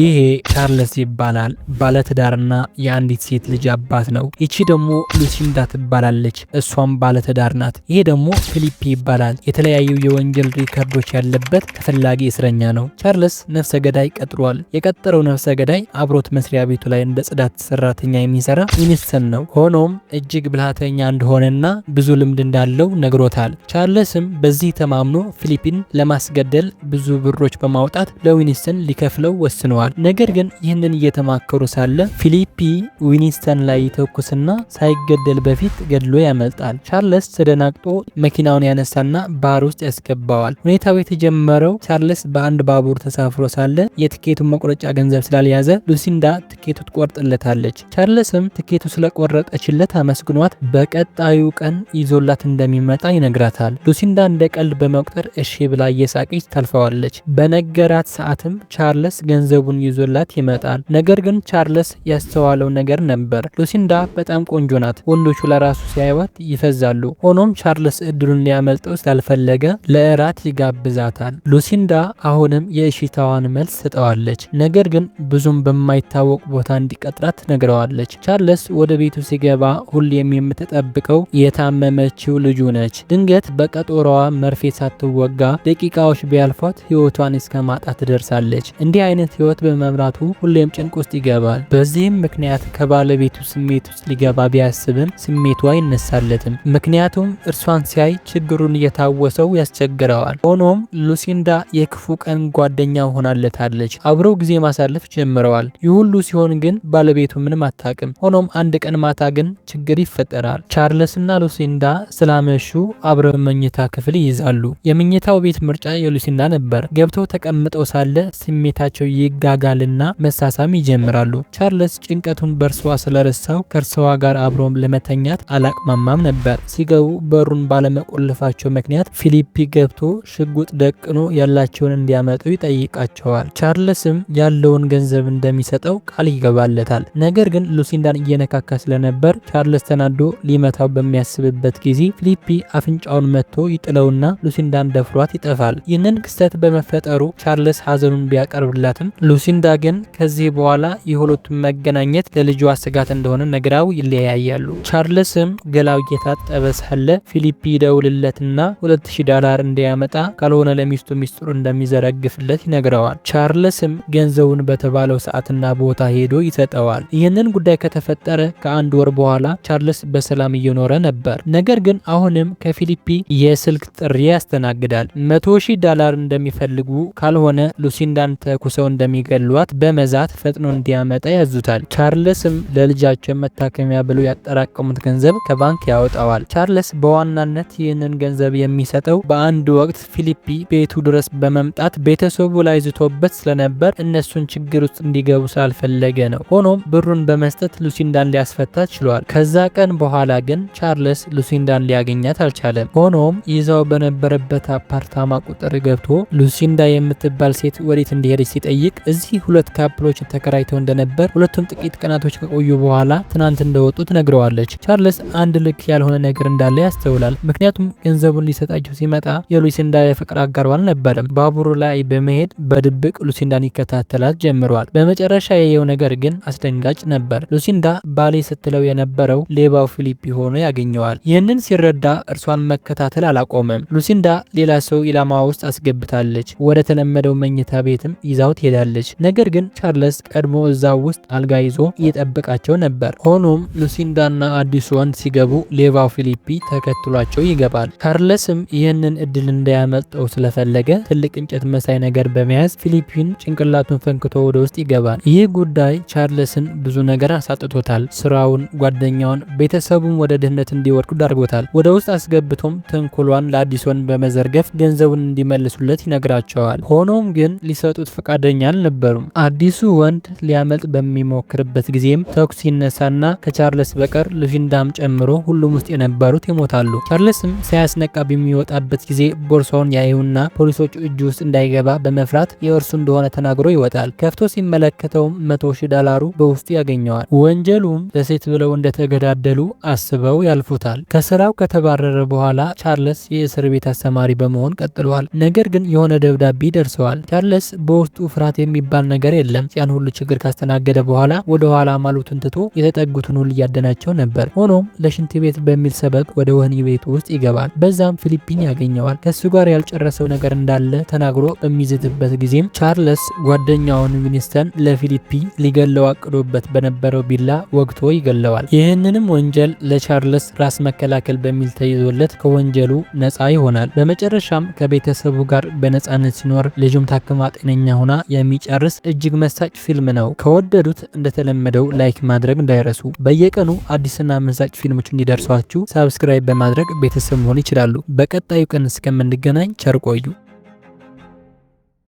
ይሄ ቻርልስ ይባላል። ባለትዳርና የአንዲት ሴት ልጅ አባት ነው። ይቺ ደግሞ ሉሲንዳ ትባላለች፣ እሷም ባለትዳር ናት። ይሄ ደግሞ ፊሊፕ ይባላል። የተለያዩ የወንጀል ሪከርዶች ያለበት ተፈላጊ እስረኛ ነው። ቻርለስ ነፍሰ ገዳይ ቀጥሯል። የቀጠረው ነፍሰ ገዳይ አብሮት መስሪያ ቤቱ ላይ እንደ ጽዳት ሰራተኛ የሚሰራ ሚኒስትር ነው። ሆኖም እጅግ ብልሃተኛ እንደሆነና ብዙ ልምድ እንዳለው ነግሮታል። ቻርልስም በዚህ ተማምኖ ፊሊፒን ለማስገደል ብዙ ብሮች በማውጣት ለዊኒስትን ሊከፍለው ወስኗል። ተናግረዋል። ነገር ግን ይህንን እየተማከሩ ሳለ ፊሊፒ ዊኒስተን ላይ ይተኩስና ሳይገደል በፊት ገድሎ ያመልጣል። ቻርለስ ተደናግጦ መኪናውን ያነሳና ባህር ውስጥ ያስገባዋል። ሁኔታው የተጀመረው ቻርለስ በአንድ ባቡር ተሳፍሮ ሳለ የትኬቱን መቁረጫ ገንዘብ ስላልያዘ ሉሲንዳ ትኬቱ ትቆርጥለታለች። ቻርለስም ትኬቱ ስለቆረጠችለት አመስግኗት በቀጣዩ ቀን ይዞላት እንደሚመጣ ይነግራታል። ሉሲንዳ እንደ ቀልድ በመቁጠር እሺ ብላ እየሳቀች ታልፈዋለች። በነገራት ሰዓትም ቻርለስ ገንዘቡ ሀሳቡን ይዞላት ይመጣል። ነገር ግን ቻርልስ ያስተዋለው ነገር ነበር። ሉሲንዳ በጣም ቆንጆ ናት፣ ወንዶቹ ለራሱ ሲያይዋት ይፈዛሉ። ሆኖም ቻርልስ እድሉን ሊያመልጠው ስላልፈለገ ለእራት ይጋብዛታል። ሉሲንዳ አሁንም የእሽታዋን መልስ ትጠዋለች። ነገር ግን ብዙም በማይታወቅ ቦታ እንዲቀጥራት ነግረዋለች። ቻርልስ ወደ ቤቱ ሲገባ ሁሌም የምትጠብቀው የታመመችው ልጁ ነች። ድንገት በቀጠሮዋ መርፌ ሳትወጋ ደቂቃዎች ቢያልፏት ህይወቷን እስከ ማጣት ትደርሳለች። እንዲህ አይነት ህይወት በመምራቱ ሁሌም ጭንቅ ውስጥ ይገባል። በዚህም ምክንያት ከባለቤቱ ስሜት ውስጥ ሊገባ ቢያስብም ስሜቱ አይነሳለትም። ምክንያቱም እርሷን ሲያይ ችግሩን እየታወሰው ያስቸግረዋል። ሆኖም ሉሲንዳ የክፉ ቀን ጓደኛ ሆናለታለች። አብረው ጊዜ ማሳለፍ ጀምረዋል። ይህ ሁሉ ሲሆን ግን ባለቤቱ ምንም አታውቅም። ሆኖም አንድ ቀን ማታ ግን ችግር ይፈጠራል። ቻርለስና ሉሲንዳ ስላመሹ አብረው መኝታ ክፍል ይይዛሉ። የመኝታው ቤት ምርጫ የሉሲንዳ ነበር። ገብተው ተቀምጠው ሳለ ስሜታቸው ይጋ መጋጋልና መሳሳም ይጀምራሉ። ቻርልስ ጭንቀቱን በእርሷ ስለረሳው ከእርሷዋ ጋር አብሮም ለመተኛት አላቅማማም ነበር። ሲገቡ በሩን ባለመቆለፋቸው ምክንያት ፊሊፒ ገብቶ ሽጉጥ ደቅኖ ያላቸውን እንዲያመጡ ይጠይቃቸዋል። ቻርልስም ያለውን ገንዘብ እንደሚሰጠው ቃል ይገባለታል። ነገር ግን ሉሲንዳን እየነካካ ስለነበር ቻርልስ ተናዶ ሊመታው በሚያስብበት ጊዜ ፊሊፒ አፍንጫውን መጥቶ ይጥለውና ሉሲንዳን ደፍሯት ይጠፋል። ይህንን ክስተት በመፈጠሩ ቻርልስ ሀዘኑን ቢያቀርብላትም ሉሲንዳ ግን ከዚህ በኋላ የሁለቱም መገናኘት ለልጇ ስጋት እንደሆነ ነግራው ይለያያሉ። ቻርልስም ገላው እየታጠበ ሳለ ፊሊፕ ይደውልለትና 2000 ዶላር እንዲያመጣ ካልሆነ ለሚስቱ ሚስጥሩ እንደሚዘረግፍለት ይነግረዋል። ቻርልስም ገንዘቡን በተባለው ሰዓትና ቦታ ሄዶ ይሰጠዋል። ይህንን ጉዳይ ከተፈጠረ ከአንድ ወር በኋላ ቻርልስ በሰላም እየኖረ ነበር። ነገር ግን አሁንም ከፊሊፒ የስልክ ጥሪ ያስተናግዳል። 100 ሺህ ዶላር እንደሚፈልጉ ካልሆነ ሉሲንዳን ተኩሰው እንደሚ እንደሚገሏት በመዛት ፈጥኖ እንዲያመጣ ያዙታል። ቻርልስም ለልጃቸው መታከሚያ ብለው ያጠራቀሙት ገንዘብ ከባንክ ያወጣዋል። ቻርልስ በዋናነት ይህንን ገንዘብ የሚሰጠው በአንድ ወቅት ፊሊፒ ቤቱ ድረስ በመምጣት ቤተሰቡ ላይ ዝቶበት ስለነበር እነሱን ችግር ውስጥ እንዲገቡ ስላልፈለገ ነው። ሆኖም ብሩን በመስጠት ሉሲንዳን ሊያስፈታ ችሏል። ከዛ ቀን በኋላ ግን ቻርልስ ሉሲንዳን ሊያገኛት አልቻለም። ሆኖም ይዛው በነበረበት አፓርታማ ቁጥር ገብቶ ሉሲንዳ የምትባል ሴት ወዴት እንዲሄደች ሲጠይቅ እዚህ ሁለት ካፕሎች ተከራይተው እንደነበር ሁለቱም ጥቂት ቀናቶች ከቆዩ በኋላ ትናንት እንደወጡ ትነግረዋለች። ቻርልስ አንድ ልክ ያልሆነ ነገር እንዳለ ያስተውላል። ምክንያቱም ገንዘቡን ሊሰጣቸው ሲመጣ የሉሲ እንዳ የፍቅር አጋሩ አልነበረም። ባቡሩ ላይ በመሄድ በድብቅ ሉሲንዳን ይከታተላት ጀምሯል። በመጨረሻ ያየው ነገር ግን አስደንጋጭ ነበር። ሉሲንዳ ባሌ ስትለው የነበረው ሌባው ፊሊፕ ሆኖ ያገኘዋል። ይህንን ሲረዳ እርሷን መከታተል አላቆመም። ሉሲንዳ ሌላ ሰው ኢላማ ውስጥ አስገብታለች። ወደ ተለመደው መኝታ ቤትም ይዛው ትሄዳለች። ትችላለች። ነገር ግን ቻርለስ ቀድሞ እዛው ውስጥ አልጋ ይዞ እየጠበቃቸው ነበር። ሆኖም ሉሲንዳና አዲሱ ወንድ ሲገቡ ሌባው ፊሊፒ ተከትሏቸው ይገባል። ቻርለስም ይህንን እድል እንዳያመልጠው ስለፈለገ ትልቅ እንጨት መሳይ ነገር በመያዝ ፊሊፒን ጭንቅላቱን ፈንክቶ ወደ ውስጥ ይገባል። ይህ ጉዳይ ቻርለስን ብዙ ነገር አሳጥቶታል። ስራውን፣ ጓደኛውን፣ ቤተሰቡን ወደ ድህነት እንዲወድቁ ዳርጎታል። ወደ ውስጥ አስገብቶም ተንኮሏን ወንድ በመዘርገፍ ገንዘቡን እንዲመልሱለት ይነግራቸዋል። ሆኖም ግን ሊሰጡት ፈቃደኛ አልነበ አልነበሩም። አዲሱ ወንድ ሊያመልጥ በሚሞክርበት ጊዜም ተኩስ ይነሳና ከቻርለስ በቀር ልፊንዳም ጨምሮ ሁሉም ውስጥ የነበሩት ይሞታሉ። ቻርለስም ሳያስነቃ በሚወጣበት ጊዜ ቦርሳውን ያዩና ፖሊሶቹ እጁ ውስጥ እንዳይገባ በመፍራት የእርሱ እንደሆነ ተናግሮ ይወጣል። ከፍቶ ሲመለከተውም መቶ ሺህ ዳላሩ በውስጡ ያገኘዋል። ወንጀሉም ለሴት ብለው እንደተገዳደሉ አስበው ያልፉታል። ከስራው ከተባረረ በኋላ ቻርለስ የእስር ቤት አስተማሪ በመሆን ቀጥሏል። ነገር ግን የሆነ ደብዳቤ ደርሰዋል። ቻርለስ በውስጡ ፍርሃት የሚ የሚባል ነገር የለም። ያን ሁሉ ችግር ካስተናገደ በኋላ ወደ ኋላ ማሉትን ትቶ የተጠጉትን ሁሉ እያደናቸው ነበር። ሆኖም ለሽንት ቤት በሚል ሰበብ ወደ ወህኒ ቤቱ ውስጥ ይገባል። በዛም ፊሊፒን ያገኘዋል። ከሱ ጋር ያልጨረሰው ነገር እንዳለ ተናግሮ በሚዝትበት ጊዜም ቻርለስ ጓደኛውን ዊኒስተን ለፊሊፒ ሊገለው አቅዶበት በነበረው ቢላ ወግቶ ይገለዋል። ይህንንም ወንጀል ለቻርለስ ራስ መከላከል በሚል ተይዞለት ከወንጀሉ ነፃ ይሆናል። በመጨረሻም ከቤተሰቡ ጋር በነፃነት ሲኖር ልጁም ታክማ ጤነኛ ሆና የሚጨ ስንጨርስ እጅግ መሳጭ ፊልም ነው። ከወደዱት እንደተለመደው ላይክ ማድረግ እንዳይረሱ። በየቀኑ አዲስና መሳጭ ፊልሞች እንዲደርሷችሁ ሳብስክራይብ በማድረግ ቤተሰብ መሆን ይችላሉ። በቀጣዩ ቀን እስከምንገናኝ ቸር ቆዩ።